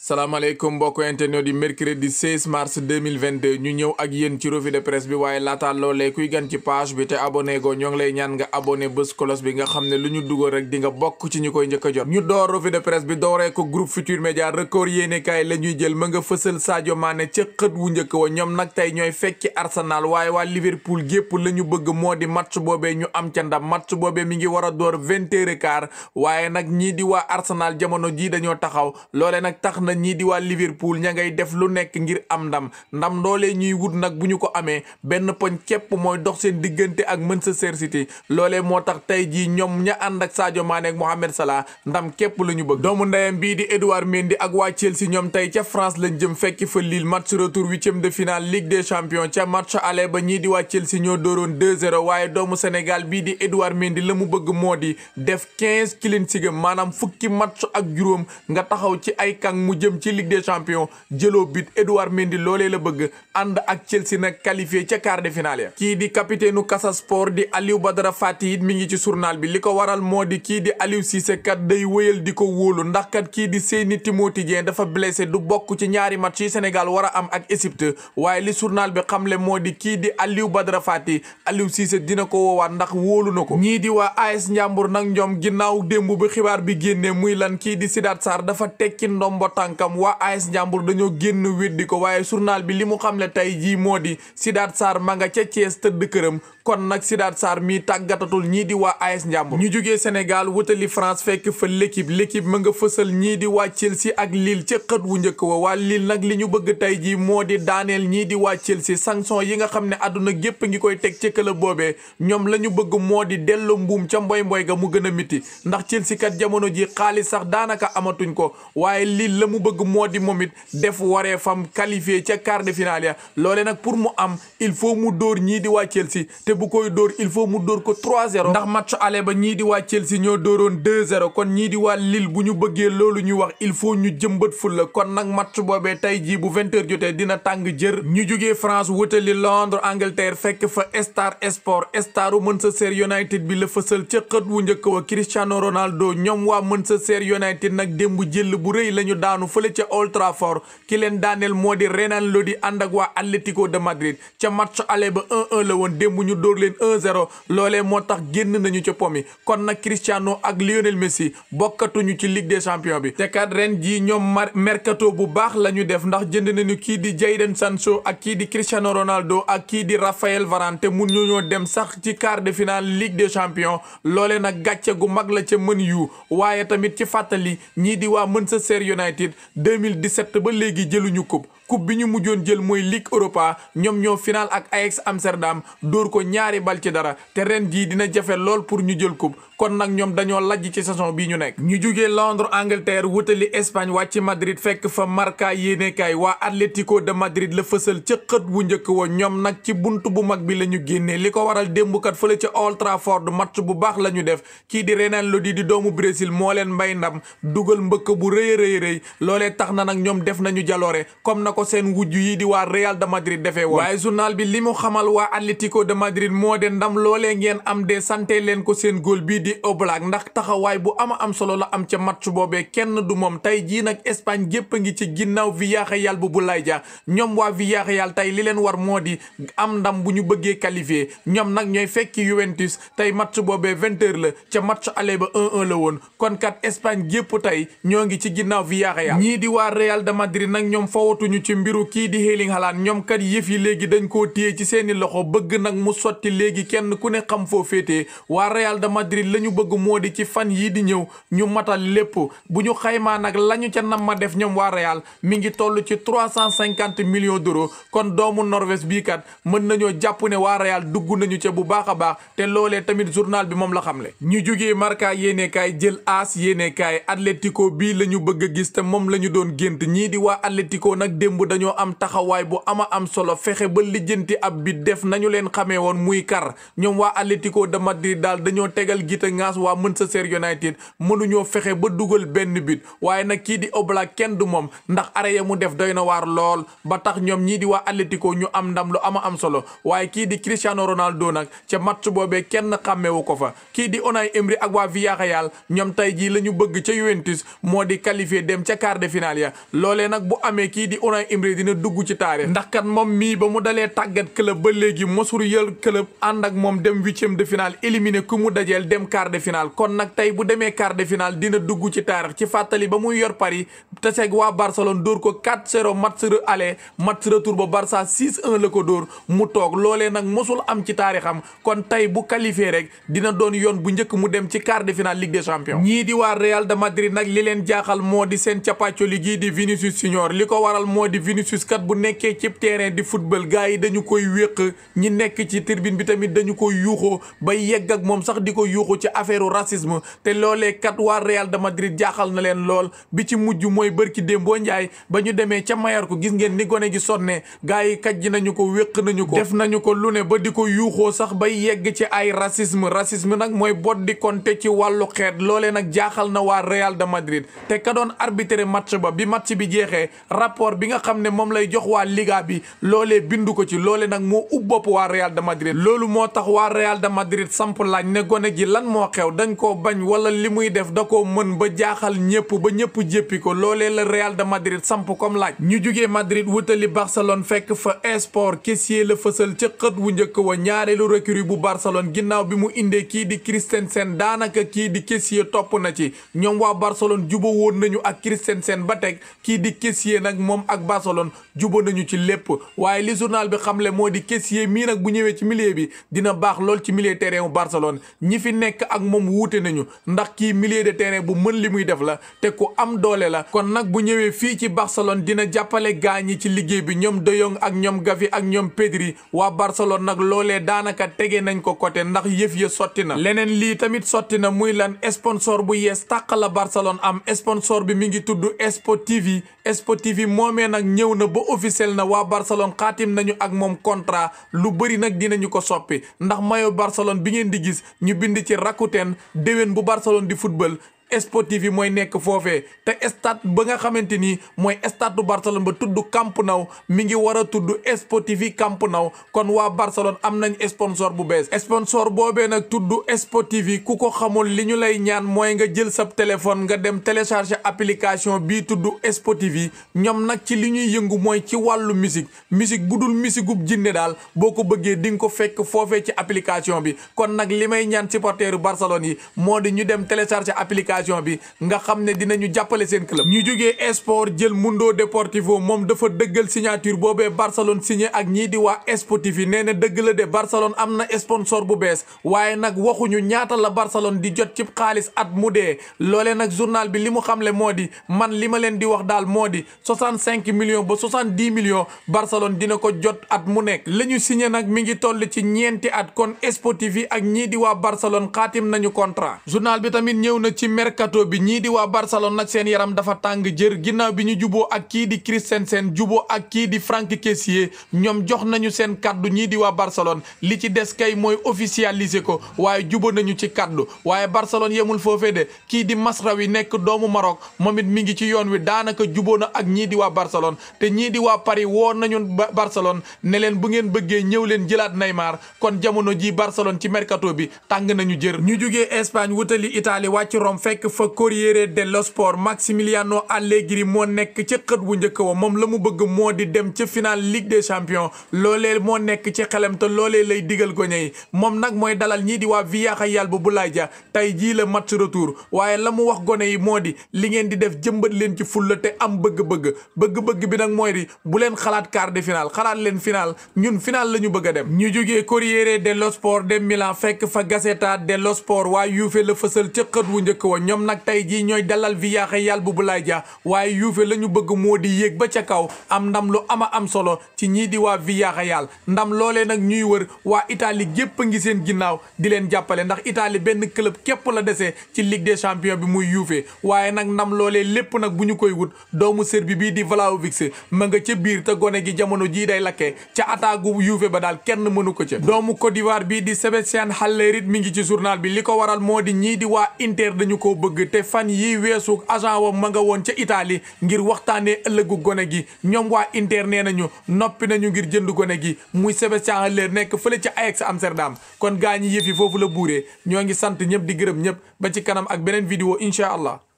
salaamaaleykum mbokk internet yi mercredi 16 mars 2022 ñu ñëw ak yéen ci revue de presse bi waaye laataa loolee kuy gan ci page bi te abonné go ñoo ngi lay ñaan nga abonné bés kolos bi nga xam ne lu ñu dugal rek dinga bokk ci ñu koy njëkk a jot ñu door revue de presse bi dooree ko groupe Futur Média record yéenekaay la ñuy jël ma nga fësal Sadio Mané ca xët wu njëkk wa ñoom nag tey ñooy fekki Arsenal waaye waa Liverpool gépp la ñu bëgg moo di match boobee ñu am ca ndam match boobee mi ngi war a door vingt heures et quart waaye nag ñii di waa Arsenal jamono jii dañoo taxaw na ñii di waa Liverpool ña ngay def lu nekk ngir am ndam ndam loolee ñuy wut nag bu ñu ko amee benn poñ képp mooy dox seen diggante ak Manchester City loolee moo tax tey jii ñoom ña ànd ak Sadio Mané ak Mohamed Salah ndam képp la ñu bëgg doomu ndeyam bii di Edouard Mendy ak wàcceel si ñoom tey ca France lañ jëm fekki fa Lille match retour huitième de finale Ligue des champion ca match aller ba ñii di waa Chelsea ñoo dooroon 2-0 waaye doomu Sénégal bii di Edouard Mendy la mu bëgg moo di def quinze clean sheets maanaam fukki match ak juróom jëm ci Ligue des champions jëloo but Edouard Mendy loolee la bëgg ànd ak Chelsea nag qualifié ca quart de finale ya kii di capitaine Casa Sport di Aliou Badara Fati it mi ngi ci journal bi li ko waral moo di kii di Aliou Cissé kat day wéyal di ko wóolu ndax kat kii di Seyni Timothy Dieng dafa blessé du bokk ci ñaari match yi Sénégal war a am ak Égypte waaye li journal bi xam le moo di kii di Aliou Badara Fati Aliou Cissé dina ko woowaat ndax wóolu ko ñii di waa AS Ndiambour nag ñoom ginnaaw démb bi xibaar bi génnee muy lan kii di Sidaat Sarr dafa tekki ndombo tànkam waa AS Ndiambour dañoo génn weddi ko waaye journal bi li mu xamle tey jii moo di Sidaat saar ma nga ca Thiès tëdd këram kon nag Sidaat saar mii tàggatatul ñii di waa AS Ndiambour ñu jógee Sénégal wutali France fekk fa l'équipe l'équipe ma nga fësal ñii di waa Chelsea ak liil ca xët wu njëkk wa waa Lille nag li ñu bëgg tey jii moo di daaneel ñii di waa Chelsea sanction yi nga xam ne àdduna gépp ngi koy teg ca këlëb boobee ñoom la ñu bëgg moo di dellu mbuum ca mboy mboy ga mu gën a ndax Chelsea kat jamono ji xaalis sax daanaka amatuñ ko bëgg moo di moom it def waree fam qualifié ca quart de finale ya loole nag pour mu am il faut mu dóor ñii di waa Chelsea te bu koy dóor il faut mu dóor ko 3-0 ndax match aller ba ñii di waa Chelsea ñoo dóoroon 2-0 kon ñii di waa Lille bu ñu bëggee loolu ñuy wax il faut ñu jëmbat fulla kon nag match boobee tey jii bu 20 jotee dina tàng jër ñu jógee France wutali Londres Angleterre fekk fa Star Sport staru Manchester United bi la fësal ca xët wu njëkk wa Cristiano Ronaldo ñoom waa Manchester United nag démb jël bu rëy lañu daanu fële ca Old Trafford ki leen daaneel moo di Renan Lodi ànd ak waa Atlético de Madrid ca match aller ba 1 la woon démb ñu dóor leen 1-0 moo tax génn nañu ca po mi kon nag Cristiano ak Lionel Messi bokkatuñu ci Ligue des Champions bi te kat ren jii ñoom mercato bu baax la ñu def ndax jënd nañu kii di Jadon Sancho ak kii di Cristiano Ronaldo ak kii di Raphaël Varane te mun ñoo dem sax ci quart de finale Ligue des Champions loole nag gàcce gu mag la ca më yu waaye tamit ci 2017 ba léegi jëluñu coupe coupe bi ñu mujjoon jël mooy Ligue Europa ñoom ñoo final ak Ajax Amsterdam dóor ko ñaari bal ci dara te ren jii dina jafe lool pour ñu jël coupe kon nag ñoom dañoo lajj ci saison bii ñu nekk. ñu jugee Londres Angleterre wutali Espagne wàcc Madrid fekk fa Marca yéenekaay waa Atlético de Madrid la fësal ca xët wu njëkk wa ñoom nag ci bunt bu mag bi la ñu génnee li ko waral démbkat kat fële ca Old Trafford match bu baax la ñu def kii di Renan Lodi di doomu Brésil moo leen mbay ndam dugal mbëkk bu rëy a tax na nag ñoom def nañu jaloore ko seen wujj yi di waa Real de Madrid defee woon waaye journal bi li mu xamal waa Atlético de Madrid moo de ndam loolee ngeen am de sante leen ko seen góol bii di Oblak ndax taxawaay bu ama am solo la am ca match boobee kenn du moom tey jii nag Espagne gépp a ngi ci ginnaaw Villarreal bu Boulaye jaa ñoom waa Villarreal tey li leen war moo di am ndam bu ñu bëggee qualifié ñoom nag ñooy fekki Juventus tey match boobe vingt heures la ca match aller ba 1-1 la woon kon kat Espagne gépp tey ñoo ngi ci ginnaaw ci mbiru kii di Hailing Haaland ñoom kat yëf yi léegi dañ koo téye ci seeni loxo bëgg nag mu sotti léegi kenn ku ne xam foo féetee waa Real de Madrid la ñu bëgg moo di ci fan yii di ñëw ñu matal lépp bu ñu xaymaa nag lañu ca nam ma def ñoom waa Real mi ngi toll ci trois cent cinquante millions d'euros kon doomu Norvège bii kat mën nañoo jàpp ne waa Real dugg nañu ca bu baax a baax te loolee tamit journal bi moom la xamle ñu jógee Marca yéenekaay jël AS yéenekaay Atlético bii gis moom la ñu doon gént démb dañoo am taxawaay bu ama am solo fexe ba lijjanti ab bi def nañu leen xamee woon muy kar ñoom waa Atlético de di daal dañoo tegal gite ngaas waa sa Manchester United mënuñoo fexe ba dugal benn but waaye nag kii di oblaa kenn du moom ndax arrêt ya mu def doy na waar lool ba tax ñoom ñii di waa Atlético ñu am ndam lu ama am solo waaye kii di Cristiano Ronaldo nag ca match boobee kenn xàmmewu ko fa kii di Unai Emery ak waa Villarreal ñoom tey jii la ñu bëgg ca Juventus moo di qualifier dem ca quart de finale Marin Imri dina dugg ci taarix ndax kat moom mii ba mu dalee tàggat club ba léegi mosul yël club ànd ak moom dem huitième de finale éliminé ku mu dajeel dem quart de finale kon nag tey bu demee quart de finale dina dugg ci taarix ci fàttali ba muy yor Paris taseeg waa Barcelone dóor ko 4-0 match aller match retour ba Barça 6-1 la ko dóor mu toog loolee nag mosul am ci taarixam kon tey bu qualifié rek dina doon yoon bu njëkk mu dem ci quart de finale Ligue des Champions ñii di waa li leen jaaxal moo di seen di Vinicius kat bu nekkee ci terrain di football gars yi dañu koy wéq ñi nekk ci tirbine bi tamit dañu koy yuuxoo ba yegg ak moom sax di ko yuuxu ci affaire racisme te loolee kat waa Real de Madrid jaaxal na leen lool bi ci mujj mooy bërki Dembo Njaay ba ñu demee ca mayar ko gis ngeen ni gone gi sonne gars yi kaj ji nañu ko wéq nañu ko def nañu ko lu ne ba di ko yuuxoo sax bay yegg ci ay racisme racisme nag mooy bot di konte ci wàllu xeet loolee nag jaaxal na waa Real de Madrid te ka doon arbitré bi match xam ne moom lay jox waa liga bi loolee bind ko ci loolee nag moo ub bopp waa Real de Madrid loolu moo tax waa Real de Madrid samp laaj ne gone gi lan moo xew dañ koo bañ wala li muy def da ko mën ba jaaxal ñëpp ba ñëpp jéppi ko loolee la Real de Madrid samp comme laaj ñu jugee Madrid wutali Barcelone fekk fa esport kessier la fësal ca xët wu njëkk wa ñaareelu recrue bu Barcelone ginnaaw bi mu indee kii di Christensen daanaka kii di kessier topp na ci ñoom waa Barcelone jubóo woon nañu ak Christensen ba teg kii di kessier nag Barcelone jubóo nañu ci lépp waaye li journal bi xamle moo di Kessié mii nag bu ñëwee ci milieu bi dina baax lool ci milieu terrain bu Barcelone ñi fi nekk ak moom wuute nañu ndax kii milieu de terrain bu mën li muy def la te ku am doole la kon nag bu ñëwee fii ci Barcelone dina jàppale gaa ñi ci liggéey bi ñoom De ak ñoom Gavi ak ñoom Pedri waa Barcelone nag loole daanaka tege nañ ko côté ndax yëf ya sotti na leneen lii tamit sotti na muy lan sponsor bu yees tàq la Barcelone am sponsor bi mi ngi tudd ñëw na ba officiel na waa Barcelone xaatim nañu ak moom contrat lu bëri nag dinañu ko soppi ndax mayo Barcelone bi ngeen di gis ñu bind ci rakkuteen déwén bu Barcelone di football Sport TV mooy nekk foofee te state ba nga xamante ni mooy stade du Barcelone ba tudd Camp naw mi ngi war a tudd Sport TV Camp Nou kon waa Barcelone am nañ sponsor bu bees sponsor boobee nag tudd Sport TV ku ko xamul li ñu lay ñaan mooy nga jël sa téléphone nga dem télécharger application bii tudd Sport TV ñoom nag ci li ñuy yëngu mooy ci wàllu musique musique bu dul musique gu jinne daal boo ko bëggee di nga ko fekk foofee ci application bi kon nag li may ñaan supporteru Barcelone yi moo di ñu dem télécharger application fédération bi nga xam ne dinañu jàppale seen club ñu jógee esport jël Mundo Deportivo moom dafa dëggal signature boobee Barcelone signé ak ñii di waa Spotif yi nee na dëgg la de Barcelone am na sponsor bu bees waaye nag waxuñu ñaata la Barcelone di jot ci xaalis at mu dee loolee nag journal bi li mu xamle moo di man li ma leen di wax daal moo di soixante-cinq millions ba soixante-dix millions Barcelone dina ko jot at mu nekk la ñu signé nag mi ngi toll ci ñeenti at kon Spotif yi ak ñii di waa Barcelone xaatim nañu contrat mercato bi ñii di waa Barcelone nag seen yaram dafa tàng jër ginnaaw bi ñu juboo ak kii di Christensen juboo ak kii di Franck Kessié ñoom jox nañu seen kaddu ñii di waa Barcelone li ci des kay mooy officialiser ko waaye juboo nañu ci kaddu waaye Barcelone yemul foofee de kii di Masraoui nekk doomu Maroc moom it mi ngi ci yoon wi daanaka juboo na ak ñii di waa Barcelone te ñii di waa Paris woo nañu Barcelone ne leen bu ngeen bëggee ñëw leen jëlaat Neymar kon jamono ji Barcelone ci mercato bi tàng fekk fa Corriere dello Sport Maximiliano Allegri moo nekk ca xët wu njëkk wa moom la mu bëgg moo di dem ca final lig des Champions loolee moo nekk ci xelam te loole lay digal ko ñey moom nag mooy dalal ñii di waa Villarreal bu Boulaye ja tey jii la match retour waaye la mu wax gone yi moo di li ngeen di def jëmbat leen ci fulla te am bëgg-bëgg bëgg-bëgg bi nag mooy di bu leen xalaat quart de final xalaat leen final ñun final lañu ñu bëgg dem ñu jógee Corriere dello dello Sport waa Juve la fësal ca xët njëkk wa ñoom nag tey jii ñooy dalal Villarreal bu Boulaye Dia waaye Juve la ñu bëgg moo di yéeg ba ca kaw am ndam lu ama am solo ci ñii di waa Villarreal ndam loolee nag ñuy wër waa Italie gépp ngi seen ginnaaw di leen jàppale ndax Italie benn club képp la desee ci Ligue des Champions bi muy Juve waaye nag ndam loolee lépp nag bu ñu koy wut doomu Serbi bii di Vlahovic ma nga ca biir te gone gi jamono jii day lakkee ca attaque gu Juve ba daal kenn mënu ko ca doomu Côte d'Ivoire bii di Sébastien Haller it mi ngi ci journal bi li ko waral moo di ñii di waa Inter dañu ko bëgg te fan yi weesu agent wa ma nga woon ca itali ngir waxtaanee ëllëgu gone gi ñoom waa Inter nee nañu noppi nañu ngir jënd gone gi muy Sébastien Haller nekk fële ca Ajax Amsterdam kon gaa ñi yëf yi foofu la buuree ñoo ngi sant ñëpp di gërëm ñëpp ba ci kanam ak beneen vidéo incha allah